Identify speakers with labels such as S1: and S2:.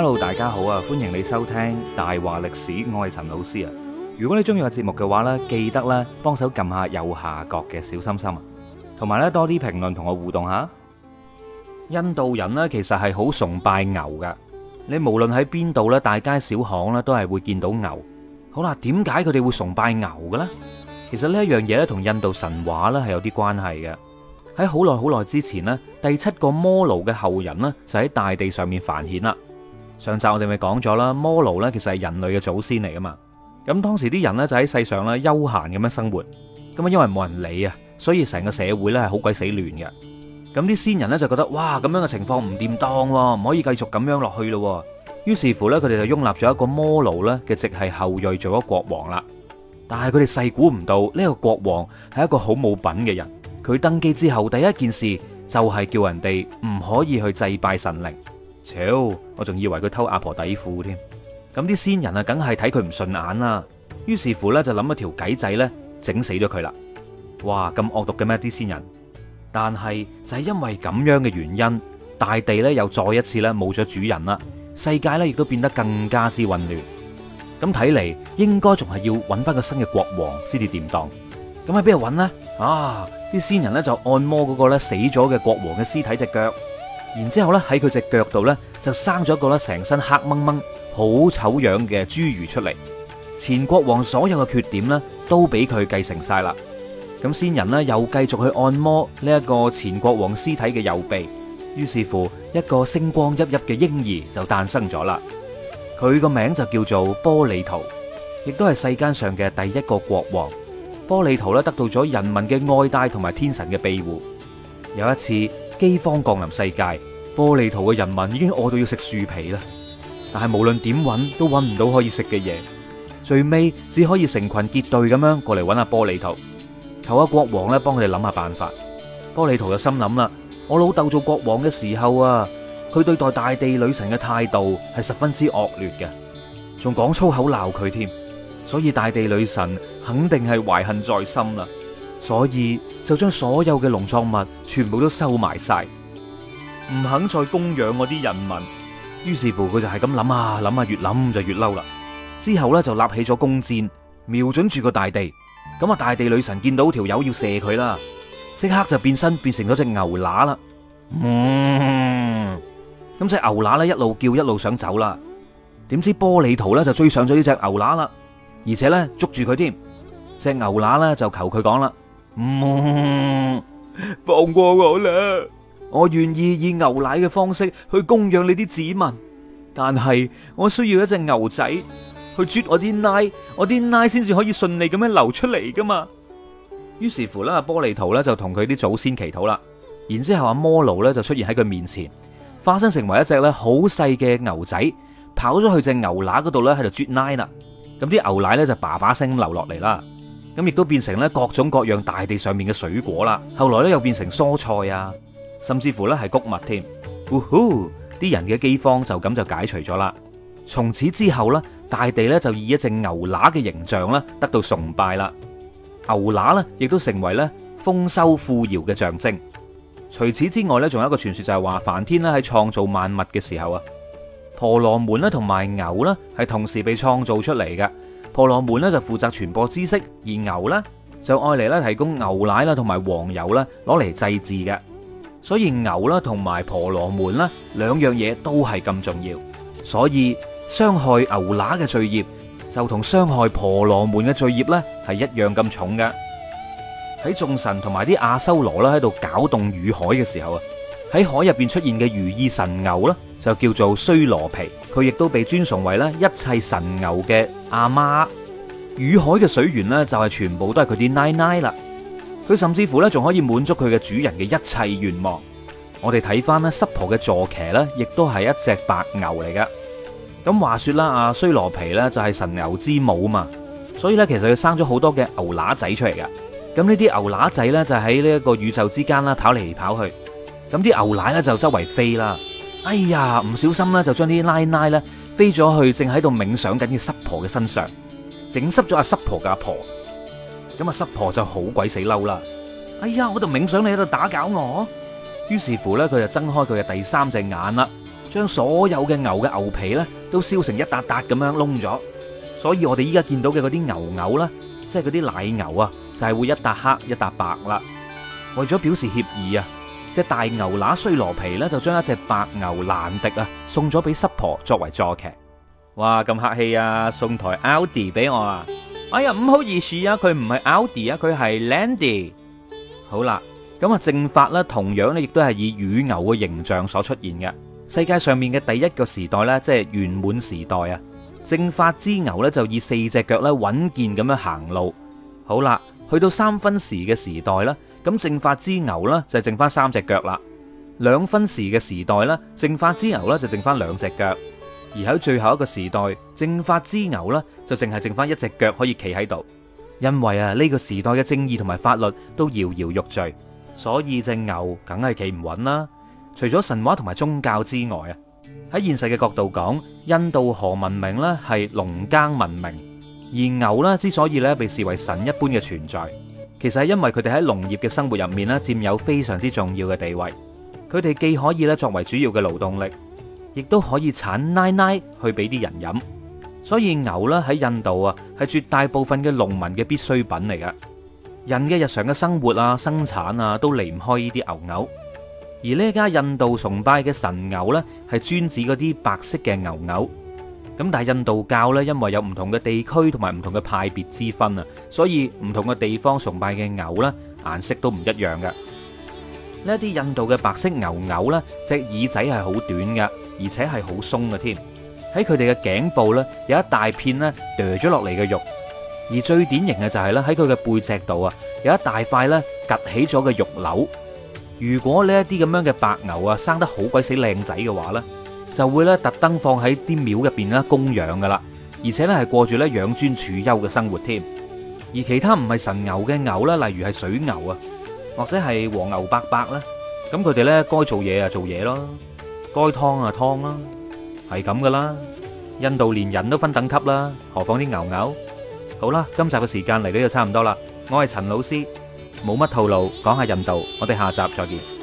S1: Hello，大家好啊！歡迎你收聽《大話歷史》，我係陳老師啊。如果你中意個節目嘅話呢，記得咧幫手撳下右下角嘅小心心啊，同埋咧多啲評論同我互動下。印度人呢，其實係好崇拜牛嘅。你無論喺邊度咧，大街小巷咧都係會見到牛。好啦，點解佢哋會崇拜牛嘅咧？其實呢一樣嘢咧，同印度神話呢係有啲關係嘅。喺好耐好耐之前呢，第七個摩奴嘅後人呢，就喺大地上面繁衍啦。上集我哋咪講咗啦，摩奴咧其實係人類嘅祖先嚟噶嘛，咁當時啲人呢，就喺世上咧悠閒咁樣生活，咁啊因為冇人理啊，所以成個社會呢係好鬼死亂嘅，咁啲先人呢，就覺得哇咁樣嘅情況唔掂當喎，唔可以繼續咁樣落去咯，於是乎呢，佢哋就擁立咗一個摩奴呢嘅直系後裔做咗國王啦，但係佢哋細估唔到呢個國王係一個好冇品嘅人，佢登基之後第一件事就係叫人哋唔可以去祭拜神靈。超，我仲以為佢偷阿婆底褲添。咁啲仙人啊，梗係睇佢唔順眼啦。於是乎呢就諗一條計仔呢，整死咗佢啦。哇，咁惡毒嘅咩啲仙人？但係就係因為咁樣嘅原因，大地呢又再一次呢冇咗主人啦。世界呢亦都變得更加之混亂。咁睇嚟，應該仲係要搵翻個新嘅國王先至掂當。咁喺邊度搵呢？啊，啲仙人呢就按摩嗰個呢死咗嘅國王嘅屍體隻腳。然之後咧，喺佢隻腳度咧就生咗一個咧，成身黑掹掹好醜樣嘅侏儒出嚟。前國王所有嘅缺點呢，都俾佢繼承晒啦。咁仙人呢，又繼續去按摩呢一個前國王屍體嘅右臂，於是乎一個星光熠熠嘅嬰兒就誕生咗啦。佢個名就叫做波利圖，亦都係世間上嘅第一個國王。波利圖咧得到咗人民嘅愛戴同埋天神嘅庇護。有一次。饑荒降臨世界，玻利圖嘅人民已經餓到要食樹皮啦。但係無論點揾都揾唔到可以食嘅嘢，最尾只可以成群結隊咁樣過嚟揾阿玻利圖，求阿國王咧幫佢哋諗下辦法。玻利圖就心諗啦，我老豆做國王嘅時候啊，佢對待大地女神嘅態度係十分之惡劣嘅，仲講粗口鬧佢添，所以大地女神肯定係懷恨在心啦。所以就將所有嘅農作物全部都收埋晒，唔肯再供養嗰啲人民。於是乎佢就係咁諗啊諗啊，越諗就越嬲啦。之後咧就立起咗弓箭，瞄準住個大地。咁啊，大地女神見到條友要射佢啦，即刻就變身變成咗隻牛乸啦。嗯，咁隻牛乸咧一路叫一路想走啦。點知波利圖咧就追上咗呢隻牛乸啦，而且咧捉住佢添。隻牛乸咧就求佢講啦。唔，放過我啦！我願意以牛奶嘅方式去供養你啲子民，但係我需要一隻牛仔去啜我啲奶，我啲奶先至可以順利咁樣流出嚟噶嘛。於是乎啦，玻璃圖啦就同佢啲祖先祈禱啦，然之後阿摩奴咧就出現喺佢面前，化身成為一隻咧，好細嘅牛仔，跑咗去隻牛奶嗰度咧，喺度啜奶啦，咁啲牛奶咧就叭叭聲流落嚟啦。咁亦都變成咧各種各樣大地上面嘅水果啦，後來咧又變成蔬菜啊，甚至乎咧係穀物添。呼、uh、呼，啲、huh，人嘅饑荒就咁就解除咗啦。從此之後咧，大地咧就以一隻牛乸嘅形象咧得到崇拜啦。牛乸咧亦都成為咧豐收富饒嘅象徵。除此之外咧，仲有一個傳說就係話，梵天咧喺創造萬物嘅時候啊，婆羅門咧同埋牛咧係同時被創造出嚟嘅。婆羅門咧就負責傳播知識，而牛呢，就愛嚟咧提供牛奶啦，同埋黃油啦，攞嚟祭祀嘅。所以牛啦同埋婆羅門呢兩樣嘢都係咁重要，所以傷害牛乸嘅罪業就同傷害婆羅門嘅罪業呢係一樣咁重嘅。喺眾神同埋啲阿修羅啦喺度攪動乳海嘅時候啊，喺海入邊出現嘅如意神牛呢，就叫做衰羅皮，佢亦都被尊崇為咧一切神牛嘅阿媽，雨海嘅水源呢，就係全部都係佢啲奶奶啦。佢甚至乎咧仲可以滿足佢嘅主人嘅一切願望。我哋睇翻咧濕婆嘅坐騎呢，亦都係一隻白牛嚟噶。咁話說啦，阿衰羅皮呢，就係神牛之母啊嘛，所以呢，其實佢生咗好多嘅牛乸仔出嚟噶。咁呢啲牛乸仔呢，就喺呢一個宇宙之間啦跑嚟跑去。咁啲牛奶呢，就周圍飛啦。哎呀，唔小心呢，就將啲奶奶呢，飛咗去，正喺度冥想緊嘅濕婆嘅身上，整濕咗阿濕婆嘅阿婆。咁阿濕婆就好鬼死嬲啦！哎呀，我度冥想，你喺度打攪我。於是乎咧，佢就睜開佢嘅第三隻眼啦，將所有嘅牛嘅牛皮咧都燒成一笪笪咁樣窿咗。所以我哋依家見到嘅嗰啲牛牛咧，即係嗰啲奶牛啊，就係會一笪黑一笪白啦。為咗表示歉意啊！隻大牛乸衰羅皮呢，就將一隻白牛蘭迪啊送咗俾濕婆作為坐騎。哇，咁客氣啊，送台奧迪俾我啊！哎呀，唔好意思啊，佢唔係奧迪啊，佢係 Landy。好啦，咁啊正法咧，同樣咧亦都係以乳牛嘅形象所出現嘅。世界上面嘅第一個時代咧，即係圓滿時代啊。正法之牛咧就以四隻腳咧穩健咁樣行路。好啦。去到三分時嘅時代啦，咁正法之牛啦就剩翻三隻腳啦；兩分時嘅時代啦，正法之牛啦就剩翻兩,兩隻腳；而喺最後一個時代，正法之牛啦就淨係剩翻一隻腳可以企喺度，因為啊呢個時代嘅正義同埋法律都搖搖欲墜，所以正牛梗係企唔穩啦。除咗神話同埋宗教之外啊，喺現實嘅角度講，印度河文明咧係農耕文明。而牛咧之所以咧被視為神一般嘅存在，其實係因為佢哋喺農業嘅生活入面咧佔有非常之重要嘅地位。佢哋既可以咧作為主要嘅勞動力，亦都可以產奶奶去俾啲人飲。所以牛咧喺印度啊係絕大部分嘅農民嘅必需品嚟嘅。人嘅日常嘅生活啊、生產啊都離唔開呢啲牛牛。而呢家印度崇拜嘅神牛咧係專指嗰啲白色嘅牛牛。咁但係印度教呢，因為有唔同嘅地區同埋唔同嘅派別之分啊，所以唔同嘅地方崇拜嘅牛呢，顏色都唔一樣嘅。呢啲印度嘅白色牛牛呢，隻耳仔係好短㗎，而且係好鬆嘅添。喺佢哋嘅頸部呢，有一大片呢，掉咗落嚟嘅肉，而最典型嘅就係咧，喺佢嘅背脊度啊，有一大塊呢，凸起咗嘅肉瘤。如果呢一啲咁樣嘅白牛啊，生得好鬼死靚仔嘅話呢，就會咧特登放喺啲廟入邊啦供養噶啦，而且咧係過住咧養尊處優嘅生活添。而其他唔係神牛嘅牛咧，例如係水牛啊，或者係黃牛伯伯啦，咁佢哋咧該做嘢啊做嘢咯，該劏啊劏啦，係咁噶啦。印度連人都分等級啦，何況啲牛牛？好啦，今集嘅時間嚟到就差唔多啦，我係陳老師，冇乜套路，講下印度，我哋下集再見。